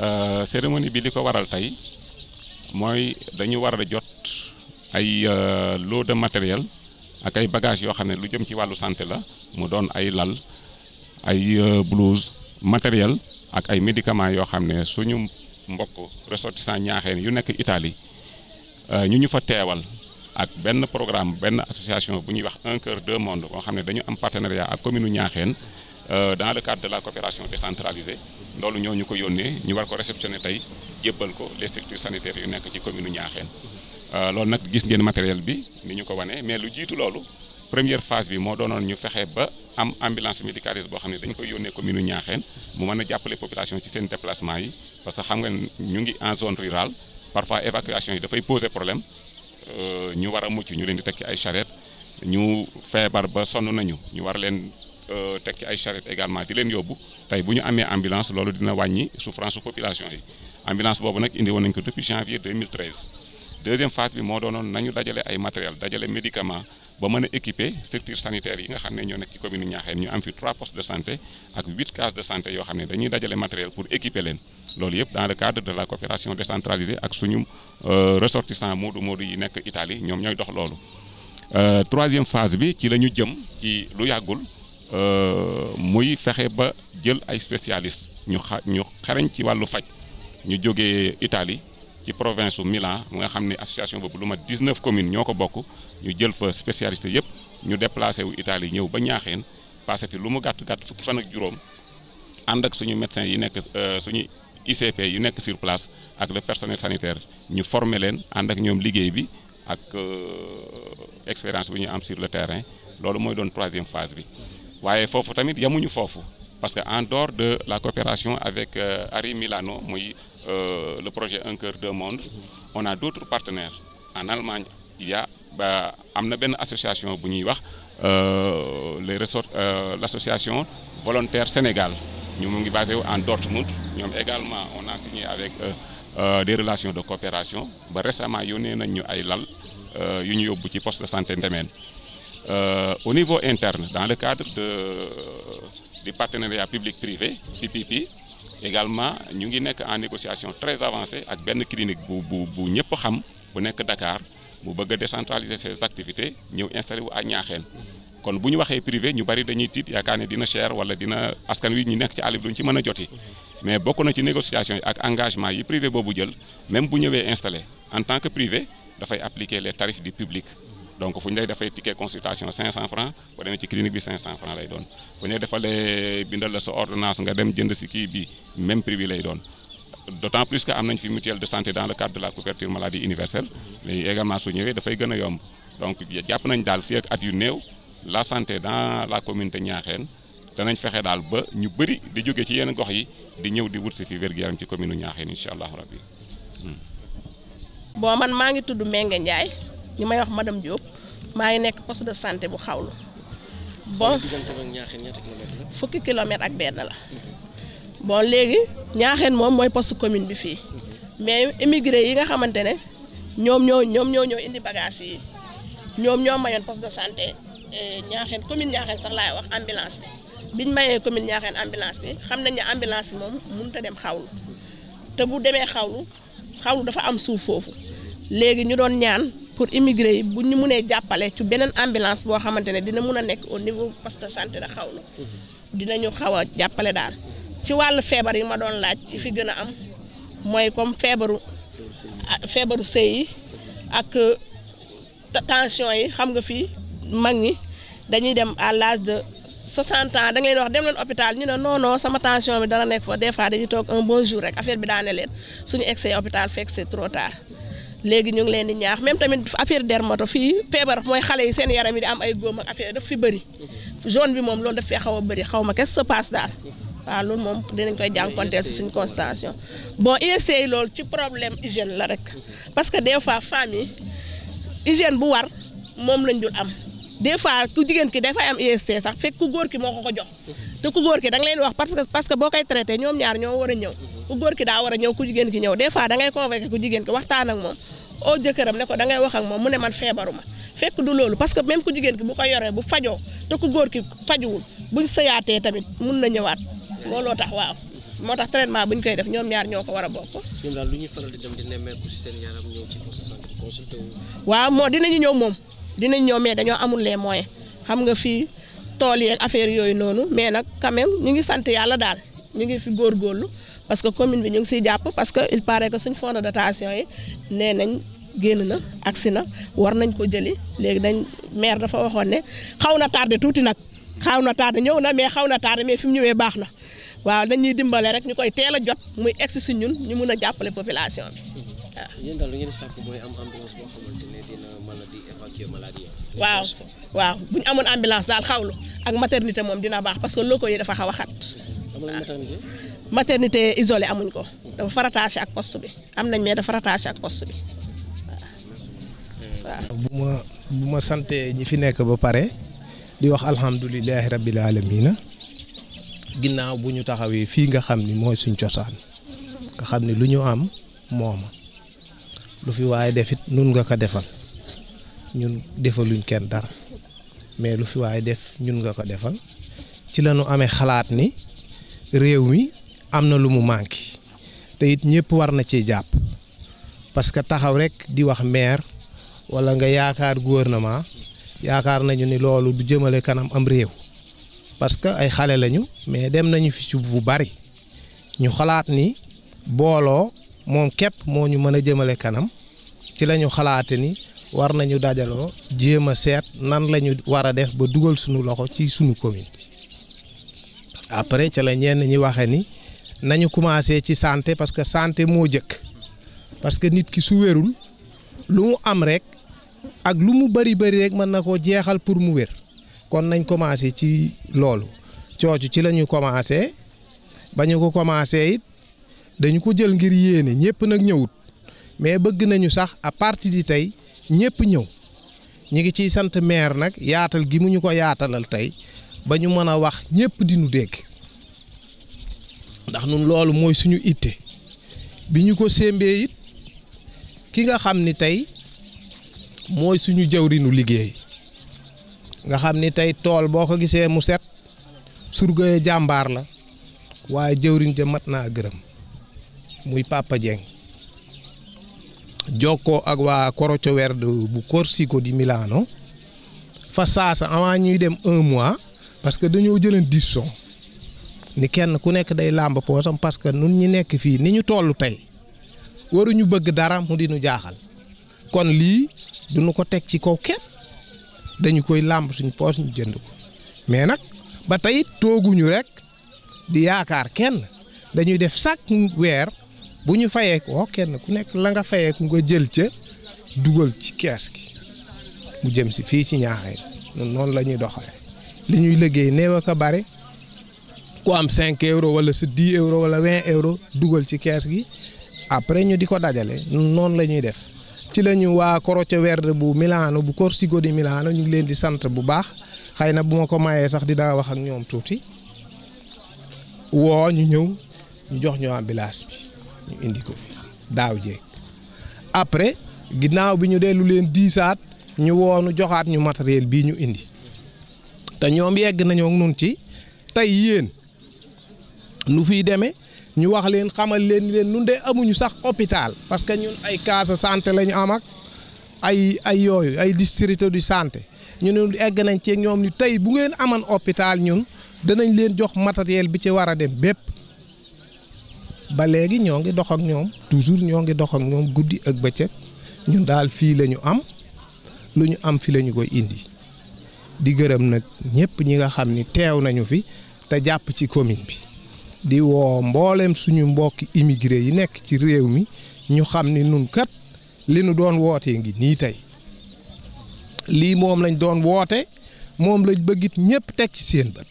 Euh, cérémonie bi li ko waral tey mooy dañu waral jot ay euh, lot de matériel ak ay bagages yoo xam ne lu jëm ci wàllu santé la mu doon ay lal ay euh, blouse matériel ak ay médicaments yoo xam ne suñu mbokk ressortissant ñaaxeen yu nekk Italie ñu ñu fa teewal ak benn programme benn association bu ñuy wax un cœur deux mondes xam ne dañu am partenariat ak commune u ñaaxeen Euh, dans le cadre de la coopération décentralisée loolu ñoo ñu ko yónnee ñu war ko réceptionné tey jébbal ko les structures sanitaires yu nekk ci commune Niakhène euh, loolu nag gis ngeen matériel bi ni ñu ko wane mais lu jiitu loolu première phase bi moo doonoon ñu fexe ba am ambulance médicalisée boo xam ne dañ koy yónnee commune Niakhène mu mën a jàppale population ci seen déplacement yi parce que xam nga ñu ngi en zone rurale parfois évacuation yi dafay poser problème euh, ñu war a mucc ñu leen di teg ay charrette ñu feebar ba sonn nañu ñu Euh, teg ci ay charrette également di leen yóbbu tey bu ñu amee ambulance loolu dina wàññi souffrance su population yi ambulance boobu nag indi woon nañ ko depuis janvier deuxième phase bi moo doonoon nañu dajale ay matériel dajale médicament ba mën a équiper structure sanitaire yi nga xam ne ñoo nekk ci commune Niakhène ñu am fi trois postes de santé ak huit de santé yoo xam ne dañuy dajale matériel pour équiper leen loolu yëpp dans le cadre de la coopération décentralisée ak suñu euh, ressortissant moodu moodu yi nekk Italie ñoom ñooy dox loolu euh, troisième phase bi ci la ñu jëm ci lu yàggul muy fexe ba jël ay spécialistes ñu xa ñu xarañ ci wàllu faj ñu jógee itali ci province su Milan mu nga xam ni association boobu lu ma 19 commune ñoo ko bokk ñu jël fa spécialiste yëpp ñu déplacé wu Italie ñëw ba ñaaxeen passé fi lu mu gàtt gàtt fukki fan ak juróom ànd ak suñu médecins yi nekk euh, suñu ICP yi nekk sur place ak le personnel sanitaire ñu former leen ànd ak ñoom liggéey bi ak euh, expérience bi ñu am sur le terrain loolu mooy doon troisième phase bi. waaye foofu tamit yamuñu foofu parce que en dehors de la coopération avec euh, Ari Milano muy euh, le projet Un Cœur Deux Mondes on a d'autres partenaires en Allemagne il ba am na benn association bu ñuy wax euh, les ressort l'association volontaire Sénégal ñu mu ngi basé wu en Dortmund ñoom également on a signé avec eux des relations de coopération ba récemment yónnee nañ ñu ay lal yu ñu yóbbu ci poste de santé Ndemeen Euh, au niveau interne, dans le cadre de, du partenariat public-privé, PPP, également ñu ngi nekk en négociation très avancée ak benn clinique bu bu bu ñëpp xam bu nekk Dakar bu bëgg a décentraliser ses activités ñëw installé wu à Niakhène kon bu ñu waxee privé ñu bari dañuy tiit yaakaar ne dina cher wala dina askan wi ñu nekk ci àll bi duñ ci mën a joti mais bokk na ci négociation yi ak engagement yi privé boobu jël même bu ñëwee installé en tant que privé dafay appliquer les tarifs du public donc fu ñu lay defee ticket consultation 500 francs boo demee ci clinique bi francs lay doon fu ñu defalee bindal la sa ordonnance nga dem jënd si kii bi même prix bi doon d'autant plus que am nañ fi mutuelle de santé dans le cadre de la couverture maladie universelle léegi également su ñëwee dafay gën a yomb donc jàpp nañ daal fii ak at yu néew la santé dans la communauté Niakhène danañ fexe daal ba ñu bëri di jóge ci yenn gox yi di ñëw di wut si fi wér-gu-yaram ci commune u Niakhène ñu may wax madame Diop maa ngi nekk poste de santé bu xawlu bon fukki kilomètre ak benn la bon léegi ñaaxeen moom mooy poste commune bi fii mais immigré yi nga xamante ne ñoom ñoo ñoom ñoo ñoo indi bagage yi ñoom ñoo mayoon poste de santé eh, ñaaxeen commune ñaaxeen sax laay wax ambulance bi biñ mayee commune ñaaxeen ambulance bi xam nañ ne ambulance bi moom mënut a dem xawlu te bu demee xawlu xawlu dafa am suuf foofu léegi ñu doon ñaan pour immigré yi bu ñu mënee jàppale ci beneen ambulance boo xamante ne dina mun a nekk au niveau poste de santé da xaw na ñu xaw a jàppale daal ci wàll feebar yi ma doon laaj yi fi gën a am mooy comme feebaru ah, feebaru sëy yi ak euh, tension yi xam nga fii mag ñi dañuy dem à l'âge de 60 ans da ngay wax dem leen hôpital ñu ne non sama tension bi dara nekk fa des fois dañuy toog un bon jour rek affaire bi daane leen suñu egsee opital fekk c'est trop tard léegi ñu ngi leen di ñaax même tamit affaire dermato fii feebar mooy xale yi seen yaram yi di am ay góom ak affaire fi bëri zone bi moom loolu daf fee xaw a bëri xaw ma qu'est-ce se passe daal waaw loolu moom dinañ koy jànkonteel si suñ constantion bon ISC loolu ci problème hygiène la rek parce que des fois femme yi hygiène bu war moom lañ dul am des fois ku jigéen ki dafay am IST sax fekk ku góor ki moo ko ko jox te ku góor ki da nga leen wax parce que parce que boo koy ñoo war a ñëw ku góor ki daa war a ñëw ku jigéen ki ñëw des fois da ngay convaincre ku jigéen ki waxtaan ak moom oo jëkkëram ne ko da ngay wax ak moom mu ne man feebaru ma fekk du loolu parce que même ku jigéen ki bu ko yoree bu fajoo te ku góor ki fajuwul buñ sëyaatee tamit mun na ñëwaat looloo tax waaw moo tax traitement bu ñu koy def ñoom ñaar ñoo ko war a bokk. ñoom lu ñuy faral di dem di nemmeeku si seen yaram ñëw ci poste santé consulté wu. waaw moo dinañu ñëw moom dinañ ñëw mais dañoo amul lee moyens xam nga fii tool yeeg affaire yooyu noonu mais nag quand ñu ngi sant yàlla daal ñu ngi fi góorgóorlu parce que commune bi ñu ngi siy jàpp parce que il paraît que suñ fonds de dotation yi nee nañ génn na agsi na war nañ ko jëli léegi dañ maire dafa waxoon ne xaw na tardé tuuti nag xaw na tardé ñëw na mais xaw na tardé mais fi mu ñëwee baax na waaw dañuy dimbale rek ñu koy teel a jot muy egsi si ñun ñu mun a jàppale population bi waaw. yéen daal lu ngeen mooy am ambulance boo xamante ne a di bu ñu amoon ambulance daal xawlu ak maternité moom dina baax parce que locaux yi dafa xaw a xat. maternité isolée amuñ ko dafa farataché ak poste bi am nañ mais dafa rattaché ak poste bi waaw. bu ma bu ma santee ñi fi nekk ba pare di wax alhamdulilahi rabbil alamina ginnaaw bu ñu taxawee fii nga xam ni mooy suñ cosaan nga xam ni lu ñu am mooma lu fi waaye defit nun nga ko defal ñun defaluñ kenn dara mais lu fi waaye def ñun nga ko defal ci la ñu amee xalaat ni réew mi am na lu mu manqué te it ñëpp war na cee jàpp parce que taxaw rek di wax maire wala nga yaakaar gouvernement yaakaar nañu ni loolu du jëmale kanam am réew parce que ay xale lañu mais dem nañu fi ci bu bari ñu xalaat ni booloo moom képp moo ñu mën a jëmale kanam ci la ñu xalaate ni war nañu dajaloo jéem a seet nan lañu ñu war a def ba dugal suñu loxo ci suñu commune après ca la ñenn ñi waxe ni nañu commencé ci santé parce que santé moo jëkk parce que nit ki su wérul lu mu am rek ak lu mu bëri bëri rek mën na koo jeexal pour mu wér kon nañ commencé ci loolu coocu ci la ñu commencé ba ñu ko commencé it dañu ko jël ngir yéene ñëpp nag ñëwut mais bëgg nañu sax à partir di tey ñëpp ñëw ñu ngi ciy sant maire nag yaatal gi mu ñu ko yaatalal tey ba ñu mën a wax ñëpp di nu dégg. ndax nun loolu mooy suñu itte bi ñu ko sémbee it ki nga xam ni tey mooy suñu jëwrinu liggéey nga xam ni tey tool boo ko gisee mu set surgaye jàmbaar la waaye jawrin ja mat naa gërëm muy Papa Dieng jokkoo ak waa Croce Verde bu Corsico di Milano fa saasa avant ñuy dem un mois parce que dañoo jëleen dix son ni kenn ku nekk day làmb poosam parce que nun ñi nekk fii ni ñu tollu tey waruñu bëgg dara mu di nu jaaxal kon lii duñu ko teg ci kaw kenn dañu koy làmb suñ poos ñu jënd ko mais nag ba tey tooguñu rekk di yaakaar kenn dañuy def chaque weer bu ñu fayee ko kenn ku nekk la nga fayee ko nga jël ca dugal ci kees gi mu jëm si fii ci ñaaxee noonu lañuy ñuy doxale li ñuy liggéey néew ak a bare ku am 5 euros wala sa 10 euros dugal ci kees gi après ñu di ko dajale noonu la ñuy def ci la ñu waa Croce Verde bu Milano bu Corsico di Milano ñu ngi leen di sant bu baax xëy na bu ma ko mayee sax dinaa wax ak ñoom tuuti woo ñu ñëw ñu jox ñu ambulance bi ñu indi ko daaw jéeg après ginnaaw bi ñu dellu leen diisaat ñu woonu joxaat ñu matériel bii ñu indi te ñoom yegg nañoo nun ci tey yéen nu fiy demee ñu wax leen xamal leen leen nun de amuñu sax hôpital parce que ñun ay case santé la ñu am ak ay ay yooyu ay district de santé ñu ne egg nañ ci ñoom ni tey bu ngeen aman hôpital ñun danañ leen jox matériel bi ci war a dem bépp ba léegi ñoo ngi dox ak ñoom toujours ñoo ngi dox ak ñoom guddi ak bëccëg ñun daal fii lañu am lu ñu am fi lañu koy indi di gërëm nag ñëpp ñi nga xam ni teew nañu fi te jàpp ci commune bi di woo mbooleem suñu mbokki immigré yi nekk ci réew mi ñu xam ni nun kat li nu doon wootee ngi nii tey lii moom lañ doon woote moom lañ bëggit ñëpp teg ci seen bët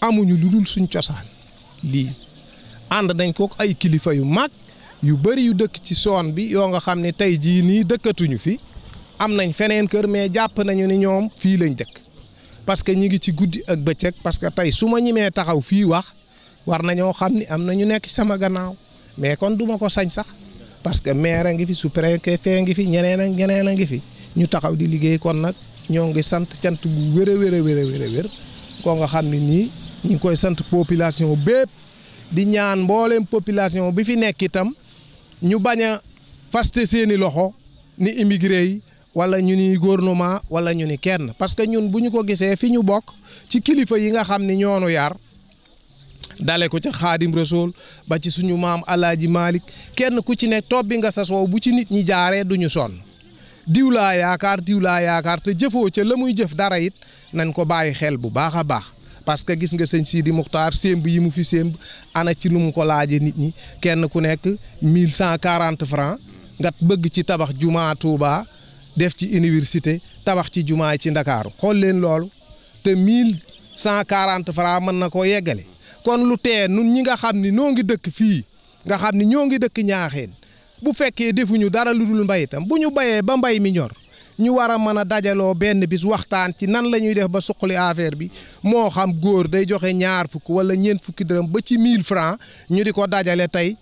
amuñu lu dul suñ cosaan lii ànd dañ ko ay kilifa yu mag yu bari yu dëkk ci soon bi yoo nga xam ne tey jii nii dëkkatuñu fi am nañ feneen kër mais jàpp nañu ni ñoom fii lañ dëkk parce que ñi ngi ci guddi ak bëccëg parce que tey su ma ñimee taxaw fii wax war nañoo xam ni am na ñu nekk ci sama gannaaw mais kon duma ko sañ sax parce que maire a ngi fi sous-préfet ngi fi ñeneen ak ñeneen a ngi fi ñu taxaw di liggéey kon nag ñoo ngi sant cant gu wér a wér koo nga xam ne nii ñu ngi koy sant population bépp di ñaan mbooleem population bi fi nekk itam ñu bañ a faste seeni loxo ni immigré yi wala ñu ni gouvernement wala ñu ni kenn parce que ñun bu ñu ko gisee fi ñu bokk ci kilifa yi nga xam ni ñoonu yar dale ko ca xaadim rasool ba ci suñu maam alaaji Malick kenn ku ci ne topp bi nga sas woow bu ci nit ñi jaaree duñu sonn diw laa yaakaar diw yaakaar te jëfoo ca la muy jëf dara it nañ ko bàyyi xel bu baax a baax parce que gis nga sëñ Sidi Muxtaar sémb yi mu fi sémb ana ci nu mu ko laaje nit ñi kenn ku nekk mille cent quarante francs nga bëgg ci tabax jumaa Tuuba def ci université tabax ci jumaa ci Ndakaaru xool leen loolu te mille cent quarante francs mën na koo yeggale kon lu tee nun ñi nga xam ni ñoo ngi dëkk fii nga xam ni ñoo ngi dëkk ñaaxeen bu fekkee defuñu dara lu dul mbay itam bu ñu bayee ba mbay mi ñor ñu war a mën a dajaloo benn bis waxtaan ci nan la ñuy def ba suqali affaire bi moo xam góor day joxe ñaar fukk wala ñeent fukki dërëm ba ci mill francs ñu di ko dajale tey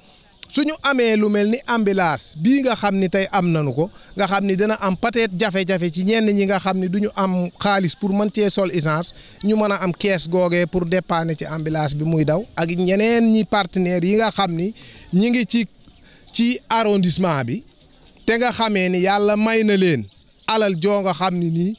su ñu amee lu mel ni ambulance bii nga xam ni tey am nañu ko nga xam ni dina am peut-être jafe-jafe ci ñenn ñi nga xam ni duñu am xaalis pour mën cee sol essence ñu mën a am kees googee pour dépanner ci ambulance bi muy daw ak ñeneen ñi partenaires yi nga xam ni ñi ngi ci ci arrondissement bi te nga xamee ni yàlla may na leen alal joo nga xam ni nii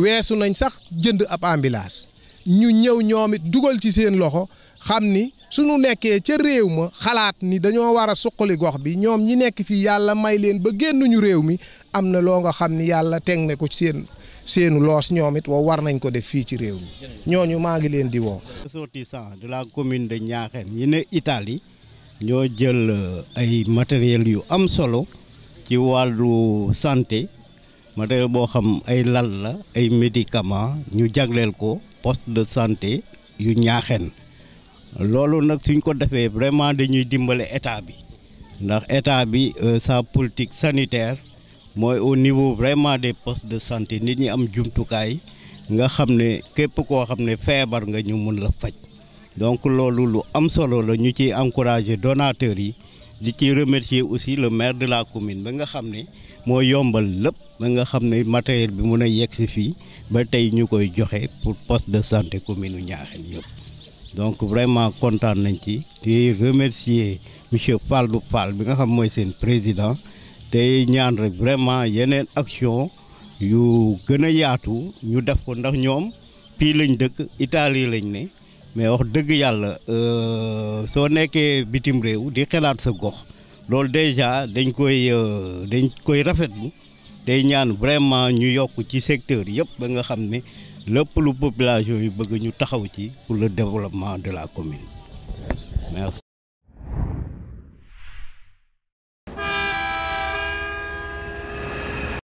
weesu nañ sax jënd ab ambulance ñu ñëw ñoom it dugal ci seen loxo xam ni suñu nekkee ca réew ma xalaat ni dañoo war a suqali gox bi ñoom ñi nekk fii yàlla may leen ba génnuñu réew mi am na loo nga xam ni yàlla teg ne ko seen seenu loos ñoomit it war nañ ko def fii ci réew mi ñoo ñu maa ngi leen di woo. ressortissants de la commune de Niakhène ñi ne Italie ñoo jël euh, ay matériel yu am solo ci wàllu santé. matériel boo xam ay lal la ay médicament ñu jagleel ko poste de santé yu ñaaxeen loolu nag suñ ko defee vraiment dañuy dimbale état bi ndax état bi euh, sa politique sanitaire mooy au niveau vraiment des postes de santé nit ñi am jumtukaay nga xam ne képp koo xam ne feebar nga ñu mun la faj donc loolu lu am solo la ñu ciy encourager donateurs yi di ci remercier aussi le maire de la commune ba nga xam ne moo yombal lépp ba nga xam ne matériel bi mun a yegg si fii ba tey ñu koy joxe pour poste de santé commune u Niakhène yëpp donc vraiment kontaan nañ ci di remercier monsieur Fallou Fall bi nga xam mooy seen président tey ñaan rek vraiment yeneen action yu gën a yaatu ñu def ko ndax ñoom fii lañ dëkk Italie lañ ne mais wax dëgg yàlla euh, soo nekkee bitim réew di xalaat sa gox loolu déjà dañ koy euh, dañ koy rafetlu day ñaan vraiment ñu yokk ci secteur yëpp ba nga xam ne lépp lu population yu bëgg ñu taxaw ci pour le développement de la commune